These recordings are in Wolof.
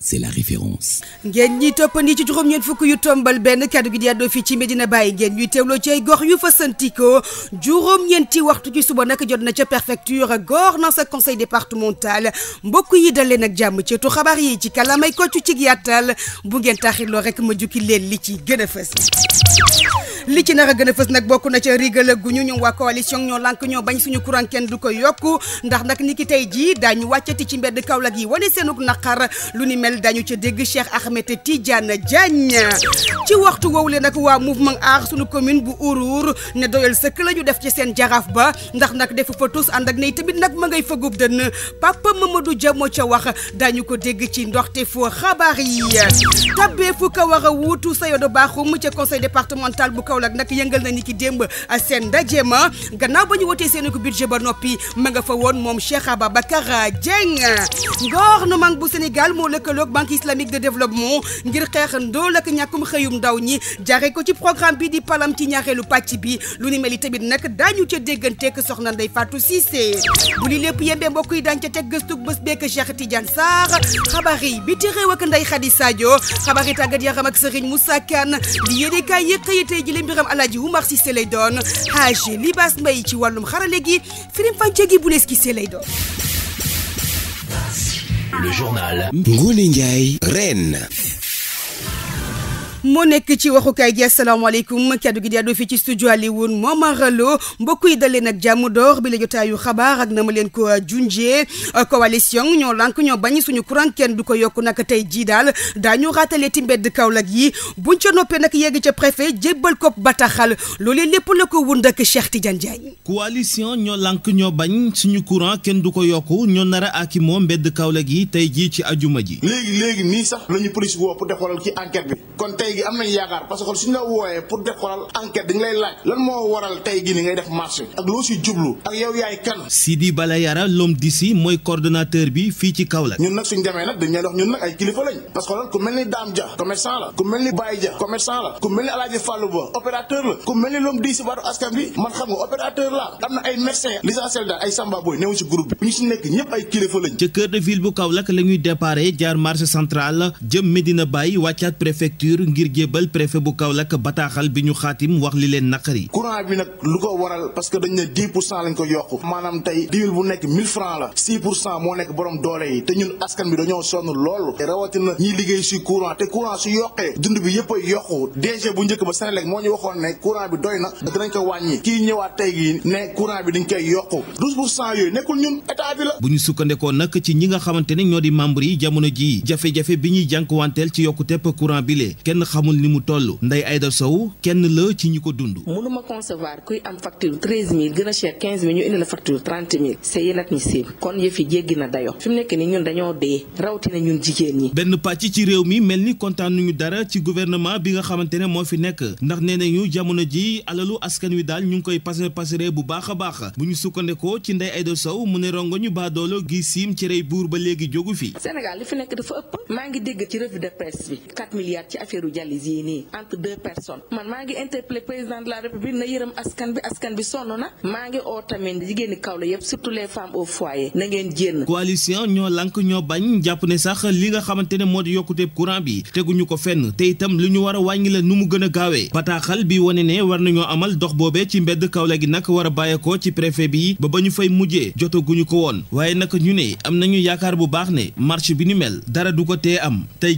c'est la référence. ngeen ñiy toppandi ci juróom-ñeent fukk yu tombal benn kaddu gi di àddoo fii ci Medina Baye ngeen ñuy teewloo ci ay gox yu fa juróom-ñeenti waxtu ci suba nag jot na ca préfecture gouvernance ak conseil départemental mbokk yi dal leen jàmm ci tu xabaar yi ci kalamay koccu ci yàttal bu ngeen taxiloo rek ma jukki leen li ci gën a fës. li ci nar a gën fës nag bokk na ca rigala guñu ñoom waa coalition ñoo lànk ñoo bañ suñu du ko yokku ndax nag ni ki tey jii daañu wàccati ci mbedd Kaolack yi wane seenug mel dañu ca dégg Cheikh Ahmed Tidiane Diagne ci waxtu woowu le nag waa mouvement aar sunu commune bu Ourour na doyal sëkk la ñu def ci seen jaraaf ba ndax nag defu fa tous ànd ak ne tamit nag ma ngay fëgub dënn Papa Mamadou Dia moo ca wax dañu ko dégg ci ndox te foo xabaar yi tabbee fu ko war a wuutu Sayodo Bakhoum ca conseil départemental bu Kaolack nag yëngal na ni ki démb seen ndaje ma gannaaw ba ñu wotee seen ko budget ba noppi ma nga fa woon moom Cheikh Ababacar Dieng gouvernement bu lëkkaloog banque islamique de développement ngir xeex ndool ak ñàkkum xëyum ndaw ñi jaaree ko ci programme bi di palam ci ñaareelu pàcc bi lu ni meli tamit nag daañu ca dégganteeg soxna nday Fatou Cissé bu li lépp yembee mbokk yi daañu ca teg gëstug bés beeg Cheikh Tidiane Sarr xabaar yi bi te réew ak Ndeye Khady Sadio xabaar yi tàggat yaram ak Serigne Moussa Kane di yéene kaay yi xëy tey ji leen mbiram Alaaji Oumar Cissé lay doon Haji Libas Mbaye ci wàllum xarale gi firim fànce gi bu lees ki see lay doon Le journal Ngoné Ndiaye Reine moo nekk ci waxukaay gi asalaamaaleykum kaddu gi di àddu fii ci studio Alioune Momar Lo mbokk yi dalee nag jàmm door bi la jotaayu xabaar ak na ma leen ko euh, junjee euh, coalition ñoo lank ñoo bañ suñu courant kenn du ko yokk nag tey jii daal daañu raatale ci mbedd Kaolack yi buñ ca noppee nag yegg ca préfet jébbal ko bataaxal loolee lépp la ko wund ak Cheikh Tidiane Diagne. coalition ñoo lànk ñoo bañ suñu courant kenn du ko yokk ñoo nara ak moo mbedd Kaolack yi tey jii ci ajuma ji. léegi léegi nii sax la ñu police woo pour def xoolal ci enquête bi léegi am nañ yaakaar parce que suñu la wooyee pour def xoolal enquête dañ lay laaj ni ngay def marché ak ak yow yaay kan. Sidi Balayara Lom Disi mooy coordonnateur bi fii ci Kaolack. ñun nag suñ demee nag dañ leen wax ñun ay kilifa lañ que ku mel ni Dame Dia commerçant la ku mel ni Baye Dia commerçant la ku mel ni Alaaji Fallou Ba opérateur la ku mel ni Lom Disi baatu askan bi man xam nga opérateur la am na ay médecins l'essentiel daal ay Samba Boy néew ci groupe bi ñu si nekk ñëpp ay kilifa lañ. ca cœur de ville bu Kaolack la ñuy déparé jaar marché central jëm Medina Baye wàccaat préfecture ngir jébbal préfet bu Kaolack bataaxal bi ñu xaatim wax li leen naqari. courant bi nag lu ko waral parce que dañ ne dix ko yokk maanaam tey diwil bu nekk mille franc la moo nekk borom doole yi te ñun askan bi dañoo sonn lool rawatina ñiy liggéey si courant te courant su yokkee dund bi yëpp a yokku bu njëkk ba Senelec moo ñu waxoon ne courant bi doy na dinañ ko wàññi kii ñëwaat tey gi ne courant bi dañ koy yokku yooyu nekkul ñun état bi xamul ni mu toll Ndeye Aïda Sow kenn la ci ñi ko dund. mënuma concevoir kuy am facture treize gën a cher quinze mille ñu indi la facture trente mille c'est inadmissible kon yëf yi jéggi na dayo fi mu nekk nii ñun dañoo dee rawatina ñun jigéen ñi. benn pàcc ci réew mi mel ni kontaanuñu dara ci gouvernement bi nga xamante ne moo fi nekk ndax nee nañu jamono ji alalu askan wi daal ñu ngi koy passer passeree bu baax a baax bu ñu sukkandekoo ci Ndeye Aïda Sow mu ne rongo ñu baadoolo gi siim ci rey buur ba léegi jógu fi. Sénégal li fi nekk dafa ëpp ngi dégg dialyse yii nii entre deux personnes man maa ngi interpellé président de la république na yërëm askan bi askan bi sonn na maa ngi oo tamit jigéen ñi kaw la yëpp surtout les femmes au foyer na ngeen ñoo lank ñoo bañ jàpp ne sax li nga xamante ne moo di yokkuteeb courant bi teguñu ko fenn te itam li ñu war a nu mu gën a gaawee bataaxal bi wane ne war nañoo amal dox boobee ci mbedd kaw la gi nag war a bàyyeekoo ci préfet bi ba ba ñu fay mujjee jotaguñu ko woon waaye nag ñu bu baax ne marche bi ni mel dara ko tee am tey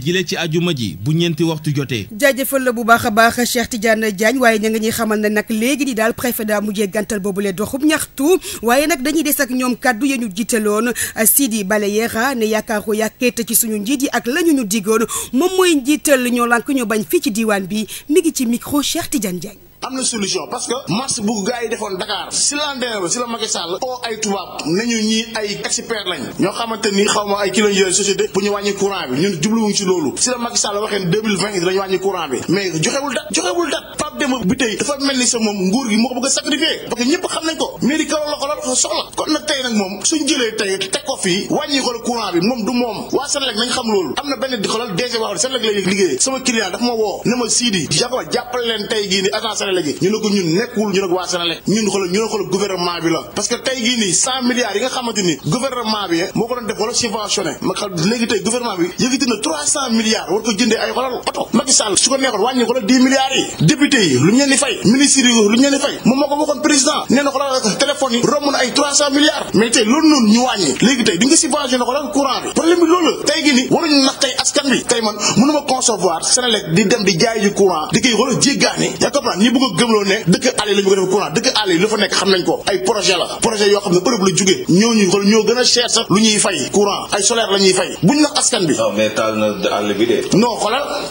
jotee jaajëfal la bu baax a baax Cheikh Tidiane Diagne waaye ña nga ñuy xamal ne nag léegi di daal préfet daa mujjee gàntal boobulee doxub ñaxtu waaye nag dañuy des ak ñoom kaddu ya ñu jiitaloon Sidi Balayera ne yaakaaru yàkkeeta ci suñu njiit yi ak la ñu ñu digoon moom mooy njiital ñoo lànk ñu bañ fii ci diwaan bi mi ngi ci micro Cheikh Tidiane Diagne am na solution parce que marche bu gars yi defoon Dakar si lendemain ba si oo ay tubaab nañu ñi ay expert lañ ñoo xamante ni xaw ma ay kilo joxewul dat joxewul dat bi tey dafa mel ni sa moom nguur gi moo ko a sacrifier parce que ñëpp xam nañ ko mairie Kaolack la ko la soxla kon nag tey nag moom suñ jëlee tey teg ko fii wàññi ko la courant bi moom du moom waa Sénégal nañ xam loolu am na benn di xoolal DG waxoon lay liggéey sama client daf Sénélec ñu ne ko ñun nekkul waa Sénélec ñu ne xoolal gouvernement bi la parce que tey gii nii cent milliards yi nga xamante ni gouvernement bi moo ko doon tey gouvernement bi cent milliards war ko jëndee ay xoolal oto Macky Sall su ko neexoon wàññi xoolal milliards yi député yi lu loolu noonu ñu wàññi léegi tey di nga subventionné xoolal courant bi nii waruñu nax tey askan di dem di jaay ji courant di koy xoolal jéggaane yaa comprendre bëgg gëmloo ne dëkk a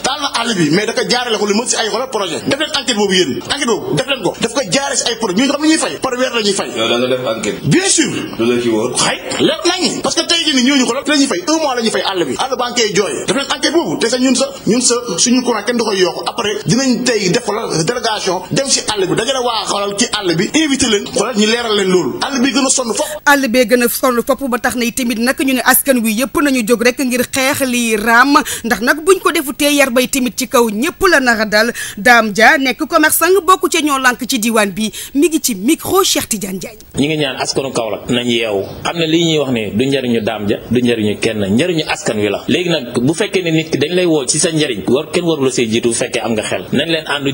taal na àll bi mais da ko jaarale ko li mën si ay xoolal projet def leen enquête boobu te sax ñun sa suñu courant kenn du koy après dinañ tey def la délégation ko dem si àll bi dajale waa xoolal ci àll bi invité leen xoolal ñu leeral leen loolu àll bi gën a sonn fopp àll bee gën a sonn fopp ba tax na tamit nag ñu ne askan wi yëpp nañu jóg rek ngir xeex li raam ndax nag buñ ko defu tee yar bay tamit ci kaw ñëpp la nara dal Dame Dia nekk commerçant bokk ca ñoo lànk ci diwaan bi mi ngi ci micro Cheikh Tidiane Diagne ñi ngi ñaan askanu Kaolack nañ yeewu xam ne lii ñuy wax ne du njariñu daam Dia du njëriñu kenn njëriñu askan wi la léegi nag bu fekkee ne nit dañ lay woo ci sa njëriñ war kenn warula see jiitu fekkee am nga xel nañ leen ànd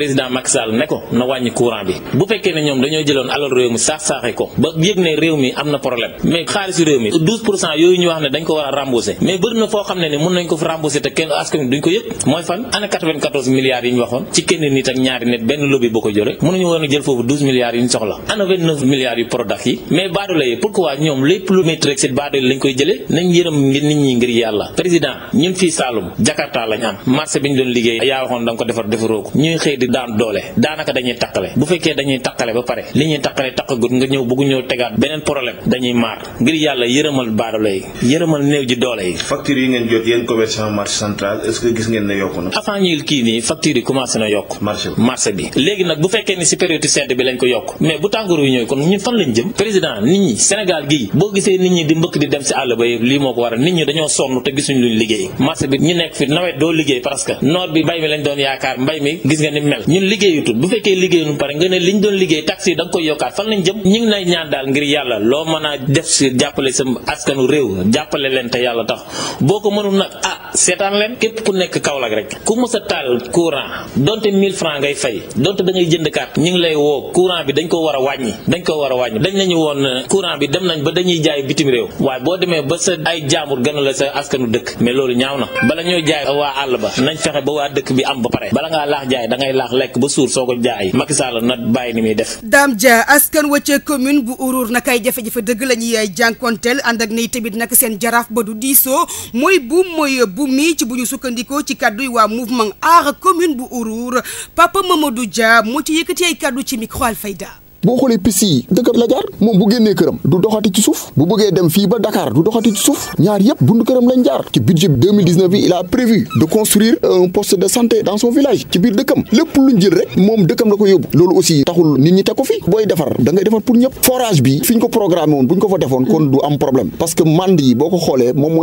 président Macky Sall ko na wàññi courant bi bu fekkee ne ñoom dañoo jëloon alal réew mi saax saaxee ko ba yëg ne réew mi am na problème mais xaalisu réew mi yooyu ñu wax ne dañ ko war a mais bëri na ne foofu milliards yi ñu soxla ana milliards yu Prodac yi mais baadoolo yi pourquoi ñoom lépp lu métti rek lañ koy jëlee nañ yërëm ngir nit ñi ngir yàlla président ñun fii Saloum Jakarta lañ am marché bi ñu doon liggéey yaa waxoon da daan doole daanaka dañuy taqale bu fekkee dañuy taqale ba pare li ñuy taqale taqagut nga ñëw bëgg ñëw tegaat beneen problème dañuy maar ngir yàlla yërëmal baadoolo yi yërëmal néew ji doole yi. facture yi ngeen jot yéen commerçant marché est-ce que gis ngeen ne yokku na. avant ñuy kii nii facture yi commencé na yokk. marché bi léegi nag bu fekkee ni si période sedd bi lañ ko yokk mais bu tàngoor wi ñëw kon ñun fan lañ jëm président nit ñi Sénégal mel ñun liggéeyutul bu fekkee liggéeyuñu pare nga ne liñ doon liggéey taxes yi da koy yokkaat fan lañ jëm ñu lay ñaan daal ngir yàlla loo mën a def si jàppale sa askanu réew jàppale leen te yàlla tax boo ko mënul nag ah seetaan leen képp ku nekk Kaolack rek ku mës a taal courant donte 1000 francs ngay fay donte da ngay jënd carte ñu ngi lay woo courant bi dañ ko war a wàññi dañ ko war a wàññi dañ nañu woon euh, courant bi dem nañ ba dañuy jaay bitim réew waaye boo demee ba sa ay jaambur gën a la sa askanu dëkk mais loolu ñaaw na bala ñoo jaay waa àll ba nañ fexe ba waa dëkk bi am ba lekk ba suur soo ko jaay Macky Sall na baay ni muy def. Dame Dia askan wa ca commune bu Ourour nag ay jafe-jafe dëgg la ñuy jànkonteel ànd ak ne tamit nag seen jaraaf ba du diisoo mooy buum mooy buum mi ci bu ñu sukkandikoo ci kàddu yi waa mouvement aar commune bu Ourour Papa Mamadou Dia moo ci yëkkati ay kàddu ci micro Alfayda. boo xoolee piste yi dëkk la jaar moom bu génnee këram du doxati ci suuf bu bëggee dem fii ba Dakar du doxati ci suuf ñaar yëpp buntu këram lañ jaar ci budget bi bi il prévu de construire un poste de santé dans son village ci biir dëkkam lépp luñ jël rek moom dëkkam la ko yóbbu loolu aussi taxul nit ñi teg ko fi booy defar da ngay defar pour ñëpp forage bi fi ñu ko programmé woon bu ñu ko fa defoon kon du am problème parce que mand boo ko xoolee moom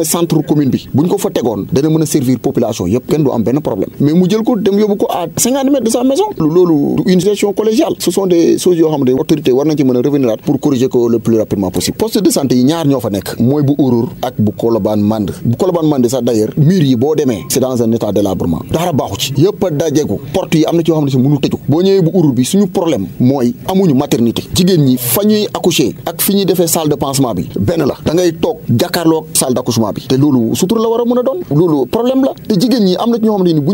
bi bu ñu ko fa tegoon a servir population yëpp kenn du am benn problème mais mu jël ko dem yóbbu ko à 50 mètres de sa maison loolu du une gestion collégiale ce sont des choses yoo autorité war nañ ci mën a revenir pour corriger ko le de santé yi ñaar ñoo fa nekk mooy bu urur ak bu kolobaan mand bu kolobaan mand sax d'ailleurs mur yi boo demee c'est dans un état délabrement baaxu ci yëpp dajeeku porte yi am na maternité jigéen ñi fa ñuy accoucher ak fi ñuy defee salle de pansement bi benn la da ngay toog jàkkaarloog salle d'accouchement bi te loolu sutur la war a mën a doon loolu problème la te jigéen ñi am na xam ni bu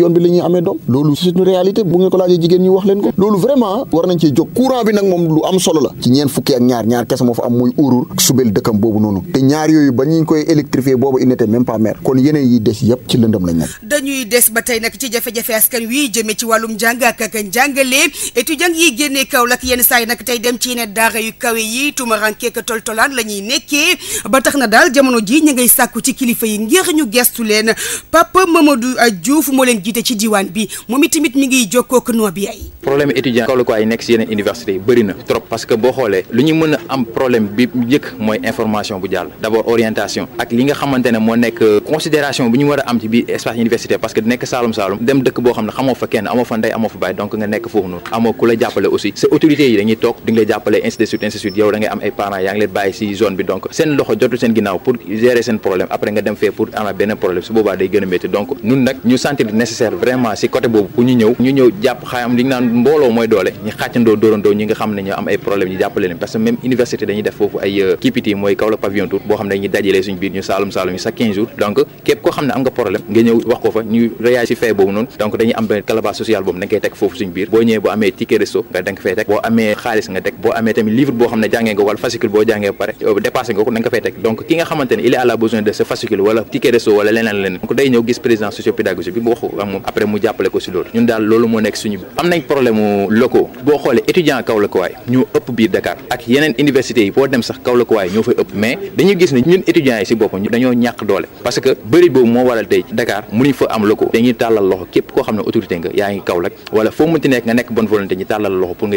yoon bi la ñuy amee doom loolu c'est une réalité bu ngeen ko laajee jigéen ñi wax leen ko loolu vraiment war nañ cee jóg courant bi nag moom lu am solo la ci ñeen fukki ak ñaar kese moo fa yeneen yi des yëpp ci lëndëm lañ des ba tey nag ci jafe-jafe askan wi jëmee ci wàllum njàng ak ak njàngale étudiant yi génnee Kaolack yenn saa nag tey dem ci ne daara yu kawe yi tumarankeeka toltolaan la ñuy nekkee ba tax na daal jamono ji ñu jiite ci diwaan bi moom itamit mi ngi jokkoo ak noo bi ay problème étudiant Kaolackois yi nekk si yeneen université bëri na trop parce que boo xoolee lu ñu mën a am problème bi njëkk mooy information bu jàll d'abord orientation ak li nga xamante moo nekk considération bu ñu war a am ci biir espace université parce que nekk Saalum Saalum dem dëkk boo xam ne xamoo fa kenn amoo fa ndey amoo fa bàyyi donc nga nekk foofu noonu amoo ku la jàppale aussi si nécessaire vraiment si côté boobu pour ñu ñëw ñu ñëw jàpp xaayam li ñu naan mbooloo mooy doole ñu xàccandoo dóorandoo ñi nga xam ne ñoo am ay problème ñu jàppale leen euh, ñu nga problème il est à la besoin de ce fascicule wala ticket resto wala leneen leneen donc day ñëw gis président socio pédagogique bi mu wax moom après mu jàppale ko si loolu ñun daal loolu moo nekk suñu am nañ problème mu boo xoolee étudiant Kaolack waay ñoo ëpp biir Dakar ak yeneen université yi boo dem sax Kaolack waay ñoo fay ëpp mais dañuy gis ne ñun étudiants yi si boppam dañoo ñàkk doole parce que bëri boobu moo waral tey Dakar mënuñ fa am locaux dañuy tàllal loxo képp koo xam ne autorité nga yaa ngi Kaolack wala foo mënti nekk nga nekk bonne volonté ñu tàllal loxo pour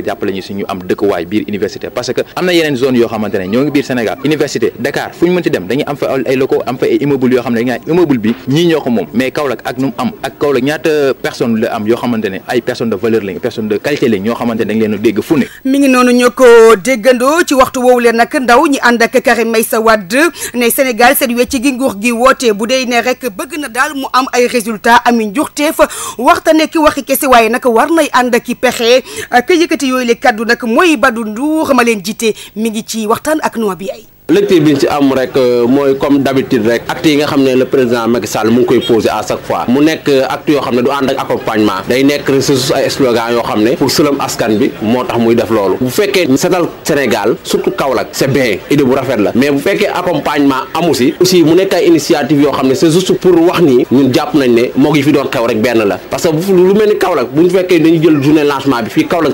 ñaata personne la am yoo xamante ne ay personne de valeur lañ personne de qualité lañ ñoo xamante ne dañ leen a dégg fu ne mi ngi noonu ñoo ko déggandoo ci waxtu woowu leen nag ndaw ñi ànd ak may sa Wade ne Sénégal seen wecc gi nguur gi woote bu dee ne rek bëgg na daal mu am ay résultat ami njuxteef waxta nekki waxi kese waaye nag war nay ànd ak i pexe ka yëkkati yooyu le kaddu nag mooy Badou Ndour ma leen jiite mi ngi ci waxtaan ak Noa bi ay lecture bi ñu ci am rek euh, mooy comme d'habitude rek acte yi nga xam ne le président Macky mu ngi koy posé à chaque fois mu nekk euh, acte yoo xam ne du ànd ak accompagnement day nekk ressources ay slogan yoo xam ne bu rafet la mais bu fekkee accompagnement amu si aussi mu nekk initiative yoo xam ne c'est juste pour wax ni ñun jàpp nañ ne moo gi fi doon xew rek benn la parce que lu mel ni Kaolack bu ñu fekkee dañu jël journée lancement bi fii Kaolack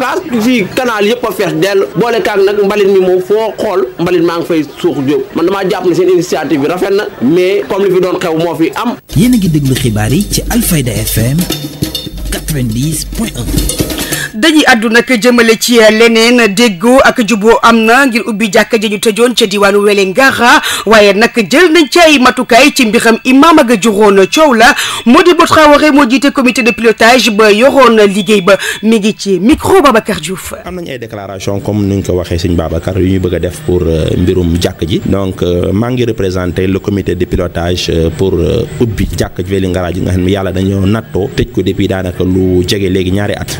Dakar fii kanaal yëpp a fees dell boole kaak nag mbalit mi moom foo xool mbalit maa ngi fay suux jóg man damaa jàpp ne seen initiative bi rafet na mais comme li fi doon xew moo fi am. yéen a ngi déglu xibaar yi ci Alfayda FM dañuy àddu nag jëmale ci euh, leneen déggoo ak juboo am na ngir ubbi jàkka ji ñu tëjoon ca diwaanu Wélingara waaye nag jël nañ ci ay matukaay ci mbiram imaam ak juróon coow la Modibo Traoré moo jiite comité de pilotage ba yoroon liggéey ba mi ngi ci micro Babacar Diouf. am nañ ay déclaration comme ni ñu ko waxee sëñ Babacar yu ñu bëgg a def pour euh, mbirum jàkk ji donc euh, maa ngi représenté le comité de pilotage pour ubbi jàkk ji Wélingara nga xam ne yàlla dañoo nattoo tëj ko depuis daanaka lu jege léegi ñaari at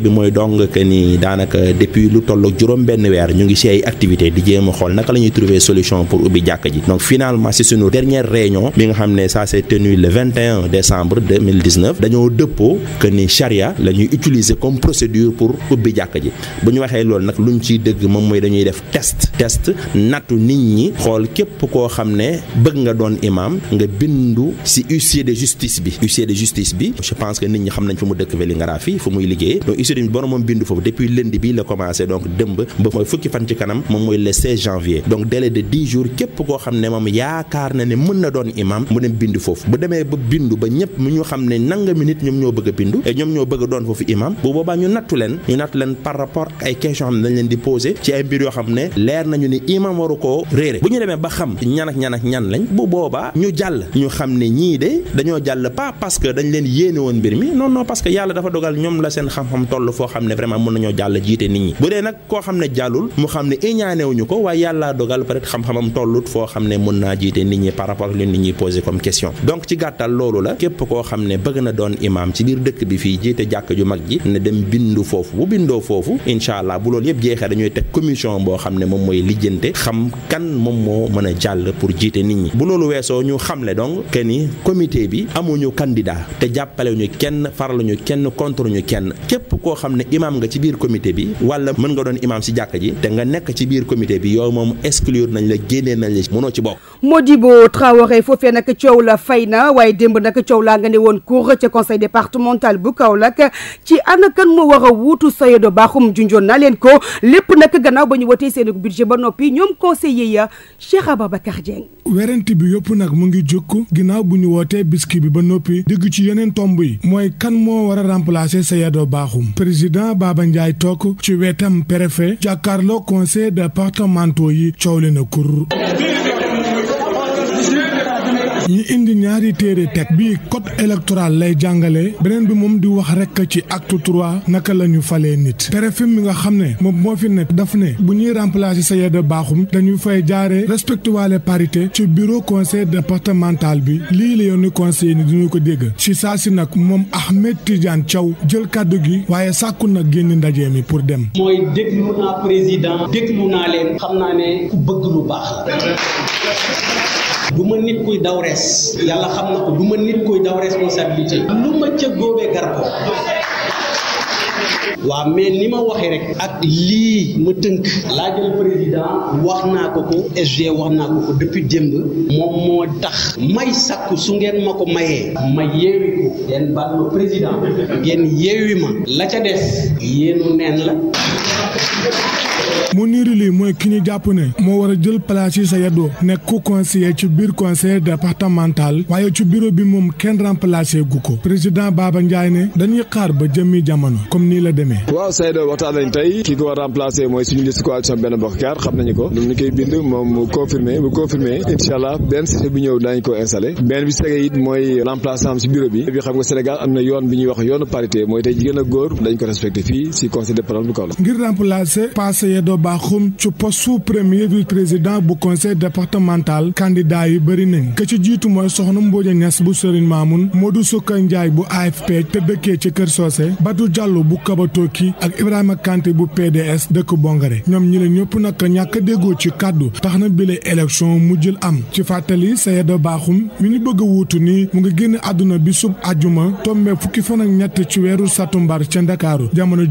bi mooy dong que ni daanaka depuis lu tollook juróom benn weer ñu ngi si activité di jéem a xool naka la ñuy trouver solution pour ubbi jàkk ji donc finalement si suñu dernière réunion bi nga xam ne ça s'est tenu le 21 décembre 2019 dañoo dëppoo que ni charia la ñuy utiliser comme procédure pour ubbi jàkk ji bu ñu waxee loolu nag luñ ciy dëgg moom mooy dañuy def test test nattu nit ñi xool képp koo xam ne bëgg nga doon imam nga bindu si huissier de justice bi huissier de justice bi pense que nit ñi xam nañ mu dëkk Vélingara fii fu muy liggéey sëriñ bi boromam bindu foofu depuis lundi bi la commencé donc dëmb ba mooy fukki fan ci kanam moom mooy le janvier donc délai de 10 képp koo xam ne moom yaakaar na ne mën na doon imam mu dem bindu foofu bu demee ba bindu ba ñëpp mu ñu xam ne nangami nit ñoom ñoo bëgg a bindu et ñoom ñoo bëgg a doon foofu imam bu boobaa ñu nattu leen ñu nattu leen par rapport ay questions xam ne dañ leen di posé ci ay mbir yoo xam ne leer nañu ni imam waru koo réere bu ñu demee toll foo donc ci gàttal loolu la képp koo xam ne bëgg na doon imaam ci biir dëkk bi fii jiite jàkk ju mag ji ne dem bindu foofu bu bindoo foofu incha allah bu loolu yëpp jeexee dañuy teg commission a jàll bi amuñu candidat te jàppalewuñu kenn faraluñu kenn contre ñu kenn képp ko koo xam ne imaam nga ci biir comité bi wala mën nga doon imaam si jàkka ji te nga nekk ci biir comité bi yow moom exclure nañ la génnee nañ la mënoo ci bokk. Modibo Traoré foofee nag coow la fay na waaye démb nag coow laa nga ne woon cour ca conseil départemental bu Kaolack ci ana kan moo war a wuutu Sayedo Bakhoum junjoon naa leen ko lépp nag gannaaw ba ñu wotee seen budget ba noppi ñoom conseiller ya Cheikh Ababacar Dieng. werante bi yëpp nag mu ngi jóg ginnaaw bu ñu wootee biski bi ba noppi dégg ci yeneen tomb yi mooy kan moo war a remplacer Sayedo Bakhoum président Baba Ndiaye toog ci wetam préfet jàkkaarloo conseil départementaux yi coow li na kur ñu indi ñaari téere teg bii code électoral lay jàngale beneen bi moom di wax rek ci acte trois naka la ñu falee nit préfet mi nga xam ne moom moo fi nekk daf ne bu ñuy remplacer sa yedda baaxum dañu fay jaaree respecté waale parité ci bureau conseil départemental bi lii la yoon ni conseil ni dinañu ko dégg ci saa si nag moom Ahmed Tidiane Thiaw jël kàddu gi waaye sàkku nag génn ndaje mi pour dem. mooy déglu naa président déglu naa leen xam naa ne ku bëgg du ma nit kuy daw rees yàlla xam na ko du ma nit kuy daw responsabilité lu ma ca góobee gar ko waaw ni ma waxee rek ak lii ma tënk laa jël président wax naa ko ko SG wax naa ko ko depuis démb moom moo tax may sàkku su ngeen ma ko mayee ma yeewi ko ngeen baal ma président ngeen yeewi ma la ca des yéenu neen la Mounirou Ly mooy ki ñu jàpp ne moo war a jël place yi sa yeddoo nekk ku conseiller ci biir conseil départemental waaye ci bureau bi moom kenn remplacé gu ko président Baba Ndiaye ne dañuy xaar ba jëmmi jamono comme nii la demee. waaw Seydou waxtaan nañ tey ki ko war a remplacé mooy suñu liste coalition benn bokk yaar xam nañu ko. lu ñu koy bind moom mu confirmé mu confirmé incha allah benn cité bi ñëw daañu ko installé benn bi si tegee it mooy remplacement am na yoon bi ñuy wax yoonu parité mooy tey jigéen ak góor dañ ko respecté fii si baaxum ci postu premier vice président bu conseil départemental candidat yi bëri nañ ka ci jiitu mooy soxna Mbooja Ñas bu Serigne Mamoun Modou Sukka Ndiaye bu AFP te dëkkee ci Kër Soose Badou Diallo bu ki ak Ibrahima Kanté bu PDS dëkk Bongare ñoom ñi la ñëpp nag ñàkk a déggoo ci kàddu tax na bile mu jël am ci fàttali Sayeda Baaxum mi ñu bëgg a wuutu ni mu ngi génn àdduna bi sub àjjuma tombe fukki fan ak ñett ci weeru satumbar ca Ndakaaru jamono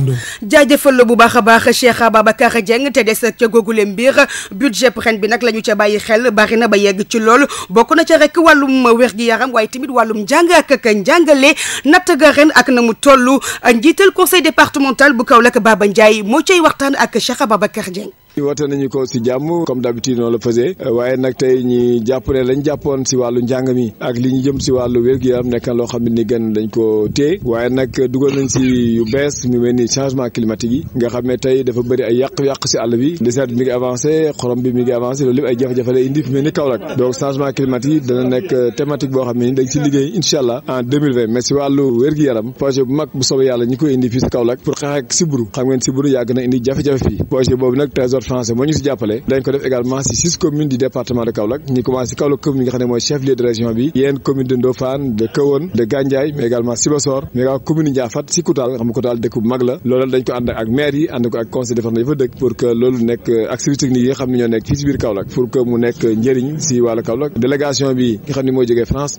Ando jaajëfal la bu baax a baax Cheikh Ababacar sa te des ca googule mbir budget ren bi nag la ñu ca bàyyi xel bari na ba yegg ci lool bokk na ca rek wàllum wér gi yaram waaye tamit wàllum njàng ak ak njàngale natt ga ren ak na mu toll njiital conseil départemental bu Kaolack Baba Ndiaye moo cay waxtaan ak Cheikh Ababacar Dieng woote nañu ko si jàmm comme d'habitude noonu la faisee euh, waaye nag tey ñi jàpp ne lañ jàppoon si wàllu njàng mi ak li ñu jëm si wàllu wér-gu-yaram nekk na loo xam ne ni gën dañ ko téye waaye nag dugal nañ si yu bees mu mel ni changement climatique yi nga xam ne tey dafa bëri ay yàq-yàq si àll bi désert bi mi ngi avancé xorom bi mi ngi avancé loolu lépp ay jafe-jafe la indi fi mel ni Kaolack donc changement climatique yi dana nekk euh, thématique boo xam ne ni dañ si liggéey incha allah en 2020 mais si wàllu wér-gu-yaram projet bu mag bu soobee yàlla ñi koy indi fii si Kaolack pour xeex ak siburu xam ngeen indi jafe-jafe fii projet boobu français moo ñu si jàppale dañ ko def également si six communes du département de Kaolack ñu commencé si Kaolack commune bi nga xam ne mooy chef lieu de région bi yéen de Ndofane de Kahone de Gandiaye mais également Sibassor mais également commune Ndiafate si Koutal nga xam ne Koutal dëkk bu mag la loolu dañ ko ànd ak maire yi ànd ko ak conseil départemental yi fa dëkk pour que loolu nekk euh, activité si biir Kaolack pour bi nga xam ne mooy jógee France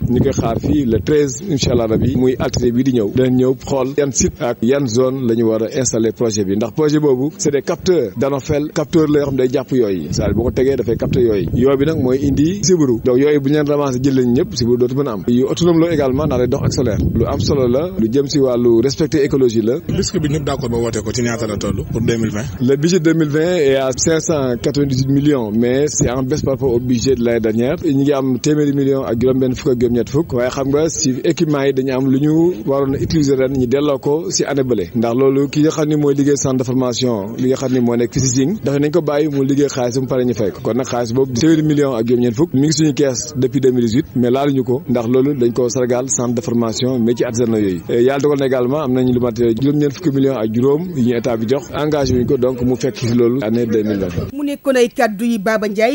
a capteur la yoo xam day jàpp yooyu cest boo ko tegee dafay capter yooyu yooyu bi nag mooy indi sibiru donc yooyu bu ñu leen ramassé jël leen ñëpp sibiru dootu mën am yu autonome la également ndax day dox ak lu am solo la lu jëm si wàllu respecter écologie la risque bi ñëpp d'accord ba wootee ko ci ñaata la toll pour 2020 budget 2020 millions mais c'est en baisse par rapport au budget de l'année dernière ñu benn fukk ak juróom-ñett fukk waaye xam nga si équipement nañ ko bàyyi mu liggéey xaalis mu pare ñu fay ko kon nag xaalis boobu téeméeri million ak juróom-ñeent fukk mi ngi suñu kees depuis 2018 mais laaluñu ko ndax loolu dañ ko sargal centre de formation métier artisanat na également am nañu lu ko donc mu fekk si loolu année 2020 mu nekkoon ay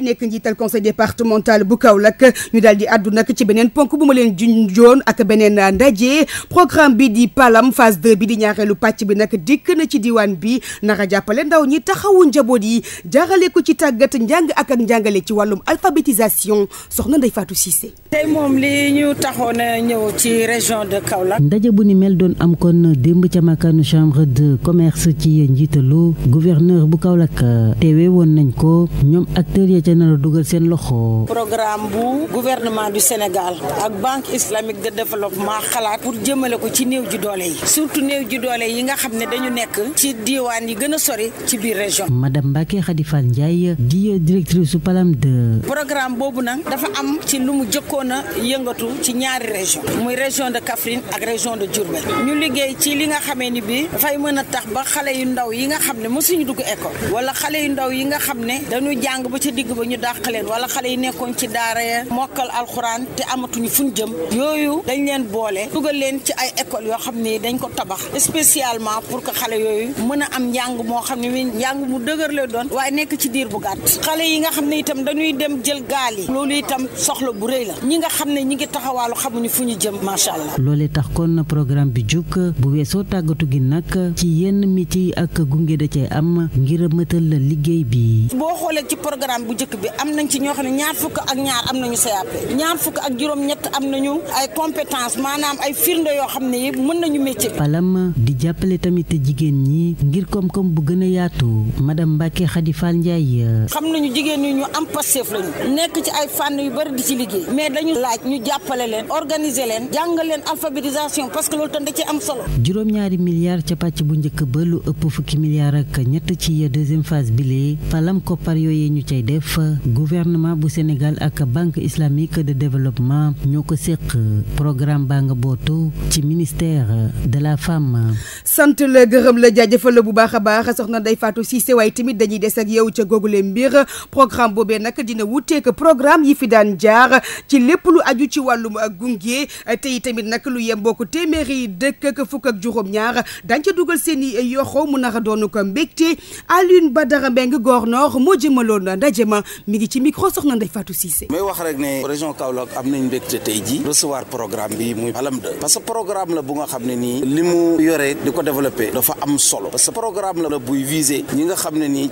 nekk njiital conseil départemental bu Kaolack ñu daal di addu nag ci beneen ponk bu ma leen junjoon ak beneen ndaje programme bi di palam phase 2 bi di ñaareelu pàcc bi nag dikk na ci diwaan bi nara yi yi jaarale ko ci tàggat njàng ak ak njàngale ci wàllum alphabétisation soxna Ndeye Fatou Cissé. tey moom li ñu taxoon a ñëw ci région de Kaolack. ndaje bu ni mel doon am kon démb ca makkaanu chambre de commerce ci njiitalu gouverneur bu Kaolack teewee woon nañ ko ñoom acteurs ya ca nar a dugal seen loxo. programme bu gouvernement du Sénégal ak banque islamique de développement xalaat pour jëmale ko ci néew ji doole yi surtout néew ji doole yi nga xam a sori ak Khady Fall Ndiaye di directrice su PALAM programme boobu nag dafa am ci lu mu jëkkoon a yëngatu ci ñaari région muy région de Kaffrine ak région de Diourbel ñu liggéey ci li nga xamee ni bi dafay mën a tax ba xale yu ndaw yi nga xam ne mosuñu dugg école wala xale yu ndaw yi nga xam ne dañu jàng ba ca digg ba ñu dàq leen wala xale yi nekkoon ci daara ya mokkal alxuraan te amatuñu fuñ jëm yooyu dañ leen boole dugal leen ci ay école yoo xam ne dañ ko tabax a am doon waaye nekk ci diir bu gàtt xale yi nga xam ne itam dañuy dem jël gaal yi loolu itam soxla bu rëy la ñi nga xam ne ñi ngi taxawaalu xamuñu fu ñu jëm macha allah. loolee tax kon programme bi jug bu weesoo tàggatu gi nag ci yenn yi ak gunge da cee am ngir mëtal la liggéey bi. boo xoolee ci programme bu njëkk bi am nañ ci ñoo xam ne ñaar fukk ak ñaar am nañu CAP ñaar fukk ak juróom-ñett am nañu ay compétence maanaam ay firnde yoo xam ne mën nañu métier palam di jàppale tamit jigéen ñi ngir koom bu gën a yaatu Ndeye Khady Fall Ndiaye. Euh, xam nañu jigéen ñi ñu am Pastef lañu nekk ci ay fànn yu bari di ci liggéey mais dañu laaj ñu jàppale leen organiser leen jàngal leen alphabétisation parce que loolu tam da ci am solo. juróom-ñaari milliards ca pàcc bu njëkk ba lu ëpp fukki milliards ak ñett ci deuxième phase bi lee falam koppar yooyee ñu cay def gouvernement bu Sénégal ak banque islamique de développement ñoo ko séq programme baa nga bootu ci ministère de la femme. sant la gërëm la jaajëfal la dañuy des ak yow ca googule mbir programme boobee nag dina wuteek programme yi fi daan jaar ci lépp lu aju ci wàllum gunge te itamit nag lu yem bokk téeméeri dëkk ak fukk ak juróom-ñaar dañ ca dugal seen i yoxoo mu nar a doon ko mbégte Alioune Badara moo Gornor moo jëmaloon ndaje mi ngi ci micro soxna Ndeye Fatou Cissé. may wax rek ne région Kaolack am nañ mbégte tey ji recevoir programme bi muy Malam 2 parce que programme la bu nga xam ne nii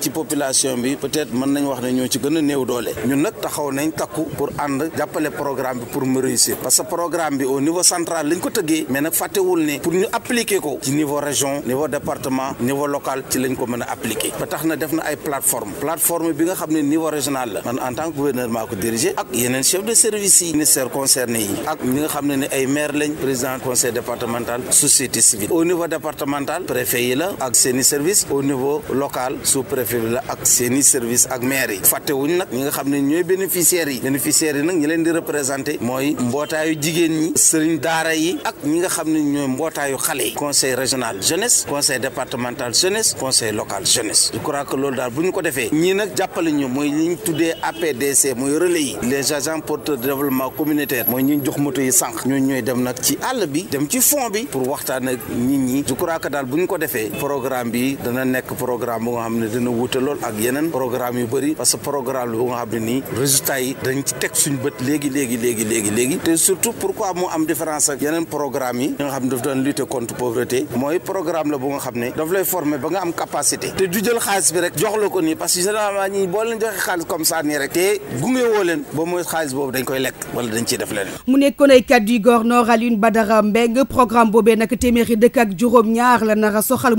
li population bi peut-être mën nañ wax ne ci gën a néew doole ñun nag taxaw nañ takku pour ànd jàppale programme bi pour mu réussir parce que programme bi au niveau central lañ ko tëggee mais fàttewul ne pour ñu appliquer ko ci niveau région niveau département niveau local ci lañ ko mën a appliquer ba tax na def na ay plateforme plateforme bi nga xam ne niveau régional la man en tant gouverneur maa ko ak yeneen chef de service yi ministère concerné yi préfet la ak seen i service ak maire yi fàttewuñ nag ñi nga xam ne ñooy bénéficiaires yi bénéficiaires yi nag ñi leen di représenté mooy mbootaayu jigéen ñi sëriñ daara yi ak ñi nga xam ne ñooy mbootaayu xale yi conseil régional jeunesse conseil départemental jeunesse conseil local jeunesse je crois daal bu ñu ko defee ñii nag jàppale ñu mooy li ñu tuddee APDC mooy relais yi les agents porteurs de développement communautaire mooy ñu jox moto yi sànq ñooñu ñooy dem nag ci àll bi dem ci fond bi pour waxtaan ak nit ñi wuute lool ak yeneen programme yu bëri parce que programme bu nga xam ne nii résultat yi dañ ci teg suñ bët léegi léegi léegi léegi te surtout pourquoi moo am différence ak yeneen programme yi nga xam ne daf doon lutter contre pauvreté mooy programme la bu nga xam ne daf lay former ba nga am capacité te du jël xaalis bi rek jox la ko nii parce que généralement boo leen joxe xaalis comme ça rek te gunge leen ba mooy xaalis boobu dañ koy lekk wala dañ a soxal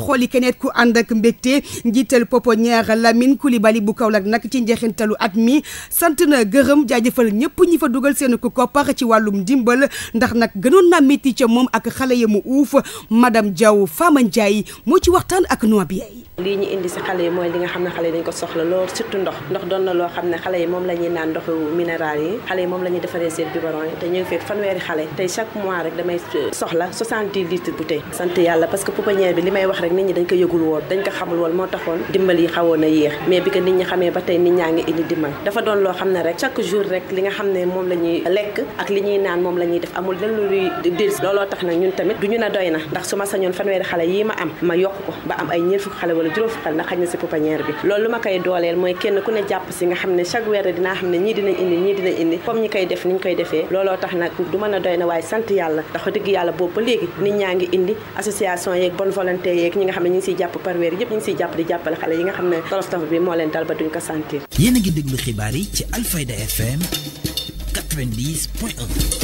xooli keneen ku ànd ak mbégte njiital Pouponnière Lamine Coulibaly bu Kaolack nag ci njeexintalu at mi sant na gërëm jaajëfal ñëpp ñi fa dugal seen ko koppar ci wàllum ndimbal ndax nag gënoon naa métti ca moom ak xale ya mu uuf madame Diaw Fama Ndiaye moo ci waxtaan ak noa bi lii ñu indi si xale yi mooy li nga xam ne xale yi dañ ko soxla lool surtout ndox ndox doon na loo xam ne xale yi moom la ñuy naan ndoxu minéral yi xale yi moom la defaree seen biberon te ñu ngi fekk fanweeri xale tey chaque mois rek damay soxla 70 litres bouteille sant yàlla rek nit ñi dañ ko yëgul woon dañ ko xamul woon moo taxoon dimbal yi xawoon a yéex mais bi ko nit ñi xamee ba tey nit ñaa ngi indi ñii dinañ indi comme ñi koy def ni ñu koy defee looloo tax nag du mën a doy na waaye sant yàlla ndax dëgg yàlla boobu ba léegi nit ñaa ngi indi association yeeg bonne volonté yeeg ñi nga xam ne ñu ngi siy jàpp par weer yëpp ñu ngi jàpp di jàppale xale yi nga xam ne tolof tolof bi moo leen dal ba duñ ko sentir. yéen ngi déglu xibaar yi ci Alfayda FM 90 point 1.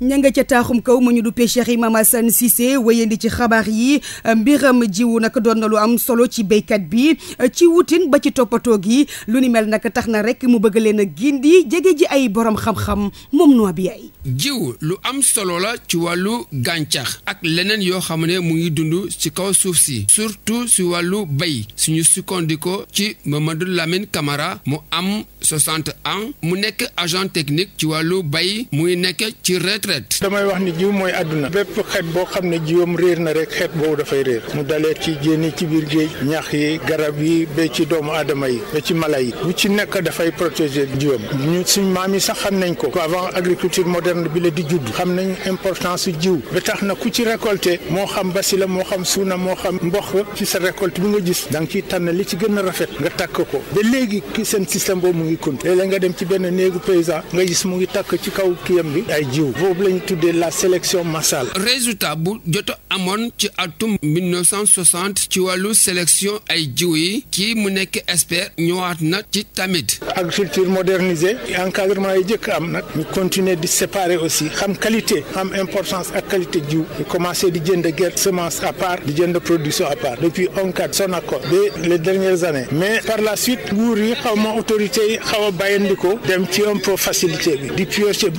ña nga ca taaxum kaw mu ñu duppee Cheikh Imam Assane Cissé wéyandi ci xabaar yi mbiram jiw nag doon na lu am solo ci béykat bi ci wutin ba ci toppatoo gi lu ni mel nag tax na rek mu bëgg leen a gindi jege ji ay borom xam-xam moom noo bi ay jiw lu am solo la ci wàllu gàncax ak leneen yoo xam ne mu ngi dund ci kaw suuf si surtout si wàllu bay suñu sukkandikoo ci Mamadou Lamine kamara mu am 60 ans mu nekk agent technique ci wàllu bay muy nekk ci retraite retraite. damay wax ni jiw mooy àdduna bépp xeet boo xam ne jiwam réer na rek xeet boobu dafay réer mu dalee ci génn ci biir géej ñax yi garab yi be ci doomu aadama yi ba ci mala yi bu ci nekk dafay protéger jiwam ñu suñ maam yi sax xam nañ ko avant agriculture moderne bi la di judd xam nañ importance su jiw ba tax na ku ci récolté moo xam basi la moo xam suuna moo xam mboq ci sa récolte bi nga gis da nga ciy tànn li ci gën a rafet nga takk ko ba léegi ki seen système boobu mu ngi continué léeg nga dem ci benn néegu paysan nga gis mu ngi takk ci kaw kiyam bi ay jiw boobu lañ tuddee la sélection massale. résultat bu jot amoon ci atum 1960 ci wàllu sélection ay jiw yi kii mu nekk expert ñëwaat na ci tamit. agriculture modernisée encadrement yi jëkk am nag ñu continuer di séparer aussi xam qualité xam importance ak qualité jiw ñu commencé di jënd gerte semence à part di jënd production à part depuis ONCAD Sonacos ba les dernières années mais par la suite nguur yi xaw autorité yi xaw a dem ci un peu facilité bi di piocher